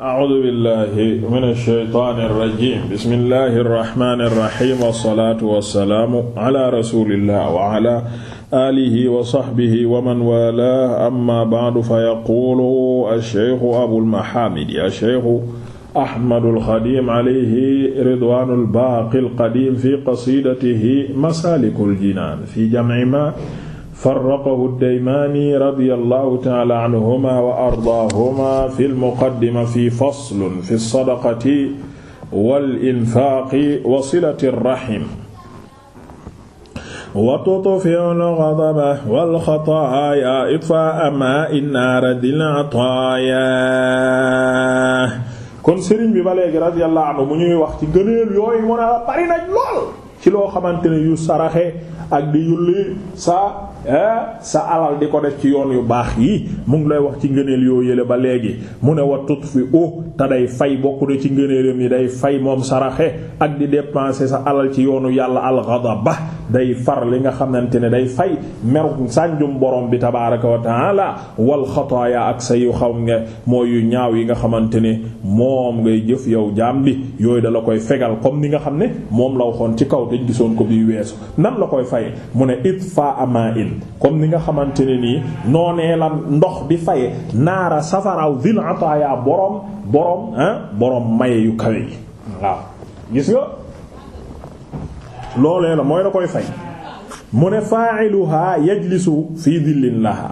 a'uudu billahi mina shaytaani rajiim bismillahi rahmaani rahiim wassalaatu wassalaamu ala rasuulillah wa ala aalihi wa sahbihi wa man waalaahu amma ba'du fa yaquulu ash-shaykhu abul mahaamid ash-shaykhu ahmadul xadiim alayhi ridwaanul baaqil qadiim fi qasiidatihi masaalikul jinaan fi jam'i maa farraqahu daymaani radiyallahu taala anhuma wa ardaahuma fi lmuqaddima fi faslun fi sadaqati wal infaaqi wa silati rahim wa tutfi'u al-ghadaba wal khataaya itfaa'a maa'i naari dil ataaya kon sëriñ bi ba léegi radiyallahu anhu mu ñuy wax ci gëneel yooyu mu ne la bari na lool ci loo xamante ne yu saraxe ak di yulli sa Eh, sa alal di ko def ci yoon yu baax yii mu ngi lay wax ci ngëneel yoo yële ba léegi mu ne wa tut fi u te day fay bokku de ci ngëneelam yi day fay moom saraxe ak di dépenser sa alal ci yoonu yàlla ba day far li nga xamante ne day fay meru sànjum borom bi tabaraka wa wal xataaya ak sa yu xaw nga mooy yu ñaaw yi nga xamante ne moom ngay jëf yow jaam bi yooyu da la koy fegal comme ni nga xam ne moom la waxoon ci kaw dañ gisoon ko bi weesu nan la koy fay mu comme ni nga xamante ne nii noonee la ndox di faye naara safaraaw zil ataaya borom borom borom maye yu kawe yi loolee la mooy da koy fay mu ne fa'iluha yajlisu fii dillin laha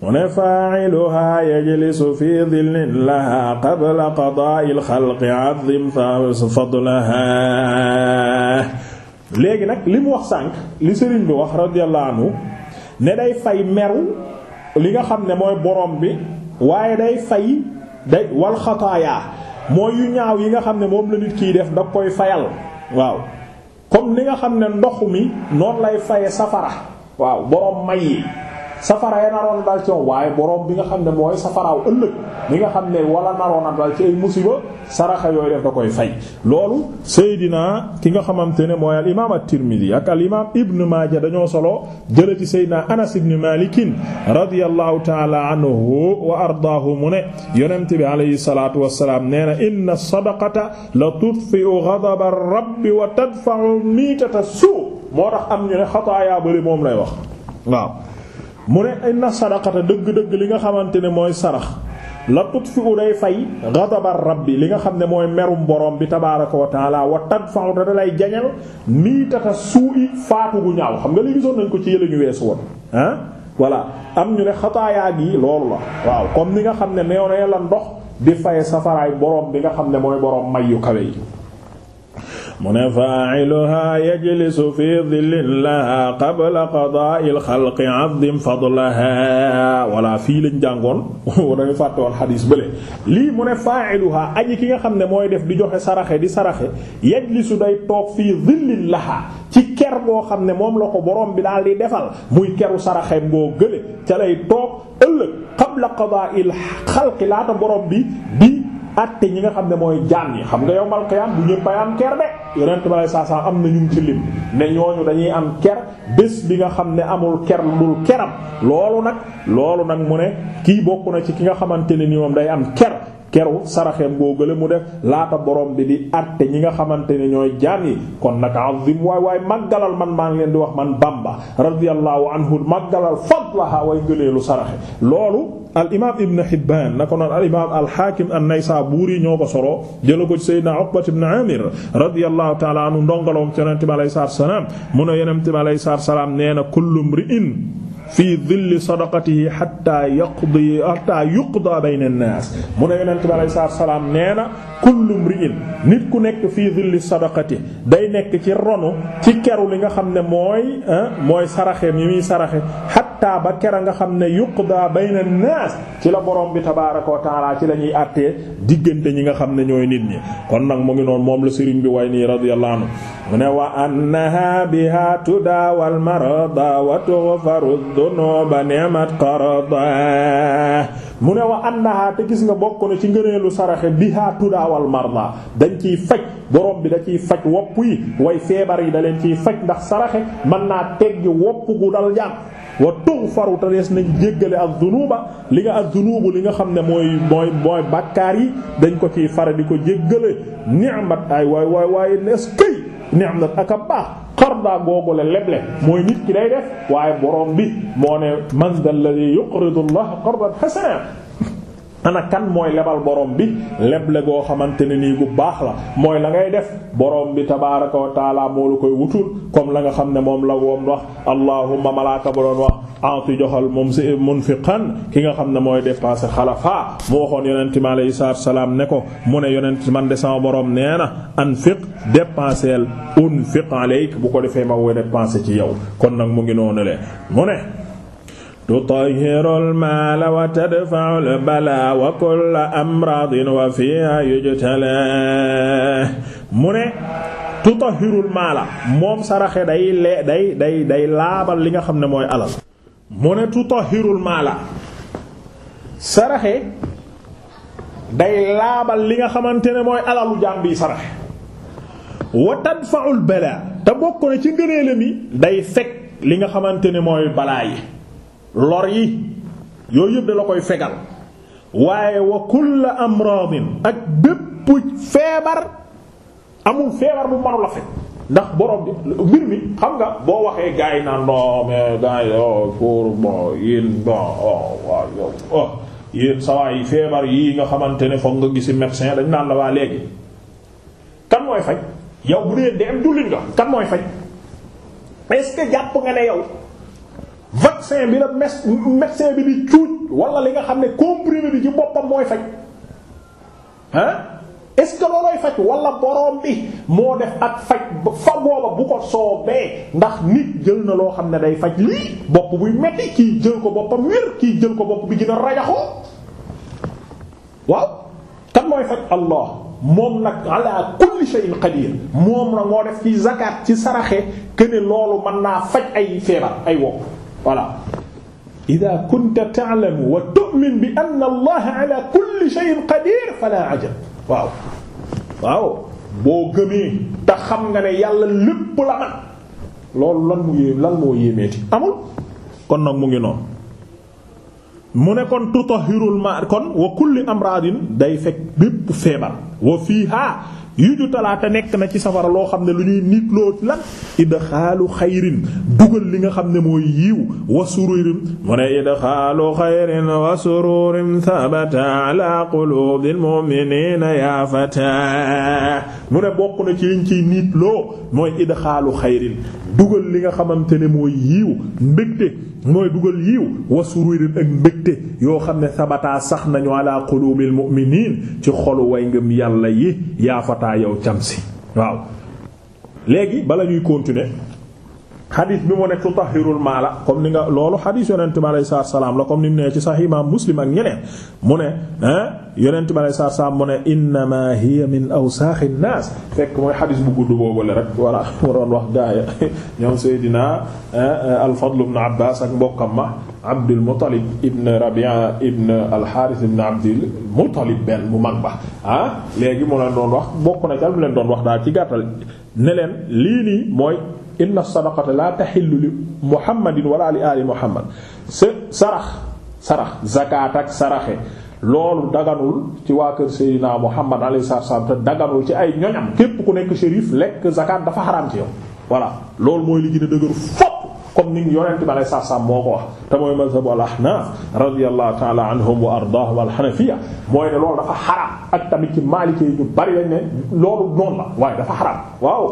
mu ne fa'iluha yajlisu fii dillin laha qabla qadaa'il xalqi 'azim fadlaha léegi nag li mu wax sànq li sëriñ bi wax radiyallahu anhu ne day fay meru li nga xam ne mooy borom bi waaye day fay day wal xataaya mooy yu ñaaw yi nga xam ne moom la nit kiy def da koy fayal waaw comme li nga xam ne ndox mi noonu lay faye safara waaw borom may yi safara ya dal ci waaye borom bi nga xam ne mooy safaraaw ëllëg bi nga xam ne wala naroon a dal ci ay musiba saraxa yooyu def da koy fay loolu Seydina ki nga xamante ne mooy al imaam at ak al Ibn Maaja dañoo solo jële ci Seydina Anas ibn Malikin radiyallahu ta'ala anhu wa ardaahu mu ne yonent bi alayhi salaatu wassalaam nee na inna la tudfi'u ghadab ar-rabb wa tadfa'u miitata suu moo tax am ñu ne xataayaa bëri moom lay wax mu ne inna sadaqata dëgg-dëgg li nga xamante ne mooy sarax la tutfi u day fay ghadabar rabbi li nga xam ne mooy merum borom bi tabaaraka wa taala wa da te dalay jañal miitata suu'i faatu gu ñaaw xam nga li gisoon nañ ko ci yële ñu weesu woon ah voilà am ñu ne xataayaa gi loolu la waaw comme ni nga xam ne neew ne la ndox di faye safaraay borom bi nga xam ne mooy borom may yu kawe yi mu ne faa'iluha yajlisu fi dhillin laha qabla qadaa'il xalqi 'azim fadlaha walla fii lañ jàngoon dañu fàtte woon xadiis bële lii mu ne faa'iluha ki nga xam ne mooy def di joxe saraxe di saraxe yajlisu day toog fii dhillin laha ci ker boo xam ne moom la ko borom bi laa di defal muy keru saraxeem boo gële ca lay toog ëllëg qabla qadaa'il xalqi laata borom bi atte ñi nga xam ne mooy jaan yi xam nga yow mal bu ñëpp am ker de yonent bi alay saa saa am na ñu ci lim ne ñooñu dañuy am ker bés bi nga xam ne amul ker lul keram loolu nag loolu nag mu ne kii bokk na ci ki nga xamante ne nii moom day am ker keru saraxeem boo gële mu def laata borom bi di àtte ñi nga xamante ne ñooy jaam yi kon nag azim waay waay màggalal man maa ngi leen di wax man Bamba radiyallahu anhu màggalal fadlaha way gëleelu saraxe loolu al imaam ibn Hibbaan na ko noon al imaam al Haakim an-Naysaabuuri ñoo ko soroo jëla ko ci Seydina Uqbat ibn Aamir radiyallahu ta'ala anhu ndongaloom ci Yonent bi alayhi salaam mu ne Yonent bi alayhi salaam nee na kullu fii dilli sadaqatihi xatta yaqdi xatta yuqda bayna an-naas mu ne yonent bi alayhi salaatu salaam nee na kullu mri'in nit ku nekk fii dilli sadaqati day nekk ci ronu ci keru li nga xam ne mooy ah, mooy saraxeem yi muy saraxe xattaa ba kera nga xam ne yuqda bayna naas ci la borom bi tabaaraka wa taala ci lañuy ñuy àttee diggante ñi nga xam ne ñooy nit ñi kon nag mu ngi noonu moom la sëriñ bi way nii radiyallahu anhu mu ne waa annaha biha tudaawal marada wa tughfaru mu ne wa annaha te gis nga bokk na ci ngëneelu saraxe biha tudaawal marda dañ ciy faj borom bi da ciy faj wopp yi way feebar yi da leen ciy faj ndax saraxe mën naa teggi wopp gu dal jàmm wa tughfaru te dees nañ jéggale az-zunuba li nga az-zunubu li nga xam ne mooy mooy mooy bàkkaar yi dañ ko ci fara di ko jéggale ni'mat ay waay waay waay nees këy ni'mat ak a baax qarda googu la leble mooy nit ki day def waaye borom bi moo ne man dal ladhi yuqridu allaha qardan hasana ana kan mooy lebal boroom bi leble goo xamante ne nii gu baax la mooy la ngay def boroom bi tabaaraka wa taala moo la koy wutul comme la nga xam ne moom la woon wax allahumma malaaka ba doon wax enti joxal moom si munfiqan ki nga xam ne mooy dépensé xalafa mu waxoon yonent ma alayhi salaatu salaam ne ko mu ne yonent man desan boroom borom nee na anfiq dépenseel unfiq alayk bu ko defee ma woo dépensé ci yow kon nag mu ngi noonu le mu ne tutahhiru almaala wa tadfa'u albala wa kulla amradin wa fiha yujtala mu ne tutahhirul maala moom saraxe day lee day day laabal li nga xam ne mooy alal mu ne tutahhirul maala saraxe day laabal li nga xamante ne mooy alalu jaam bi saraxe wa tadfa'ul bala te bokk na ci ngëneelam yi day fekk li nga xamante ne mooy balaa yi lor yi yooyu yëpp da la koy fegal waaye wa kulla amradin ak bépp feebar amul feebar bu mënu la fekk ndax borom bi mbir mi xam nga boo waxee gars yi naan non mais gars yi oh pour bon yéen oh, oh, saa yi feebar yii nga xamante ne foog nga gisi médecin dañ naan la waa léegi. kan mooy faj yow bu dee dem jullit nga mooy faj est-ce jàpp nga ne yow vaccin bi la médecin bi di cuuj wala li nga xam ne comprimé bi ci boppam mooy faj ah est-ce que loolooy faj wala boroom bi moo def ak faj fa booba bu ko soobee ndax nit jël na loo xam ne day faj lii bopp buy metti kii jël ko boppam wér kii jël ko bopp bi gina a rajaxoo waaw kan mooy faj Allah moom nag ala kulli shay'in qadir moom la moo def ci zakat ci saraxe que ne loolu mën naa faj ay feebar ay wopp voilà ida kunta ta'lamu wa tu'min bi anna allaha ala kulli shay'in qadir fala ajab waaw waaw boo gëmee te xam nga ne yàlla lépp la man loolu lan mu yéem lan moo yéemeeti amul kon nag mu ngi noonu mu ne kon tutahirul ma kon wa kulli amradin day fekk bépp feebar wa fiiha yu ju talaata nekk na ci safara loo xam ne lu ñuy nit loo lan idxaalu xayrin dugal li nga xam ne mooy yiiw wa sururin mu ne idxaalu xayrin wa sururin sabata ala qulubil mu'minina ya fata mu ne bokk na ci liñ ciy nit loo mooy idxaalu xayrin dugal li nga xamante ne mooy yiiw mbégte mooy dugal yiiw wa sururin ak mbégte yoo xam ne sabataa sax nañu ala qulubil mu'minin ci xolu way ngëm yàlla yi yaafataa yow cam si waaw léegi bala ñuy continuer xadis bi mu ne tutahirul maala comme ni nga loolu xadis yonente bi alayhi salaam la comme ni nee ci sax imaam muslim ak ñeneen mu ne yonent bi alei satu saam mu ne innama hiya min awsaaxi nnaas fekk mooy xadis bu gudd boobale rek voilà mu doon wax gaaya ñoom Seydina eh, al-Fadl ibn Abbas ak mbokkam ma Abdul Muttalib ibn Rabia ibn al benn bu mag ba ah léegi moo leen doon wax bokk na ci mu leen doon wax daal ci gàttal ne leen lii nii mooy inna sadaqata la tahillu li Muhammadin wala li ali Muhammad sarax sarax zakat ak saraxe loolu daganul ci waa kër Seydina Muhammad alayhi salaam te daganul ci ay ñoñam képp ku nekk shérif lekk zakat dafa xaraam ci yow voilà loolu mooy li gën a dëgër fopp comme ni yonent bi alayhi salaam moo ko wax te mooy mazhabu al ahnaf radiyallahu ta'ala anhum wa ardaahum al hanafiya mooy ne loolu dafa xaraam ak tamit ci maaliki yi ñu bari lañ waaw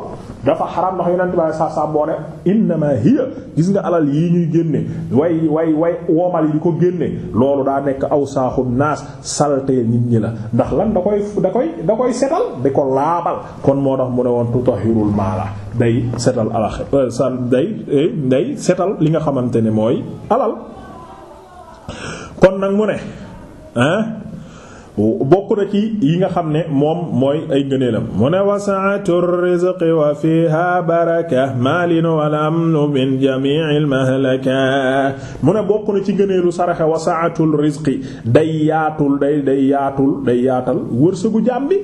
dafa xaraam ndax yonent bi saa saa boo ne innama hiya gis nga alal yii ñuy génne way way way woomal yi di ko génne loolu daa nekk aw saaxu naas saltee nit ñi la ndax lan da koy da koy da koy setal di ko laabal kon moo tax mu ne woon tutahirul maala setal alax day day setal li nga xamante ne mooy alal kon nag mu ne ah bokk na ci yi nga xam ne moom mooy ay ngëneelam mu ne wa sa'atu wa fiha baraka maalin wal amnu min jami'il mahlaka mu ne bokk na ci ngëneelu saraxe wa sa'atul day yaatul day day yaatul day yaatal wërsëgu jaam bi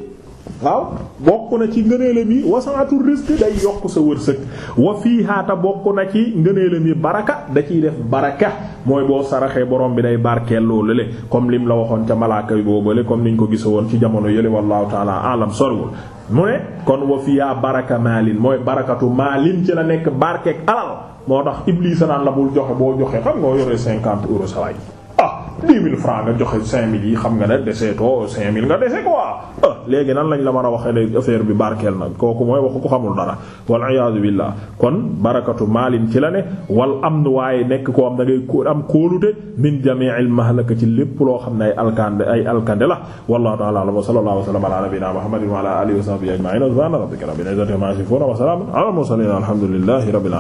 waaw bokk na ci ngëneelam yi wasaatu rizq day yokk sa wërsëg wa fiihaa bokk na ci ngëneelam yi baraka da ciy def baraka mooy boo saraxee borom bi day barkeel loolu le comme lim la waxoon ca malaaka yi boobale comme ñu ko gisa woon ci jamono yële wallahu taala alam sorwul mu ne kon wa fiihaa baraka maalin mooy barakatu maalin ci la nekk barkeek alal moo tax Iblis naan la bul joxe boo joxee xam nga yoree cinquante euros sa waay dix mille nga joxe cinq yi xam nga ne deseetoo cinq mille nga dese quoi ah léegi nan lañ la mën a waxee ne affaire bi barkeel na kooku mooy waxu ko xamul dara wal iyaadu billah kon barakatu maalin ci la ne wal am waaye nekk ko am da ngay am kóolute min jami'il xam ne ay alkande ay alkande la wallahu ta'ala a'lam wa sallallahu wa sallama ala nabiyyina muhammadin wa ala alihi wa sahbihi ajma'in subhana rabbika rabbil izzati amma yasifun wa salamun ala al mursalin alhamdulillahi rabbil alamin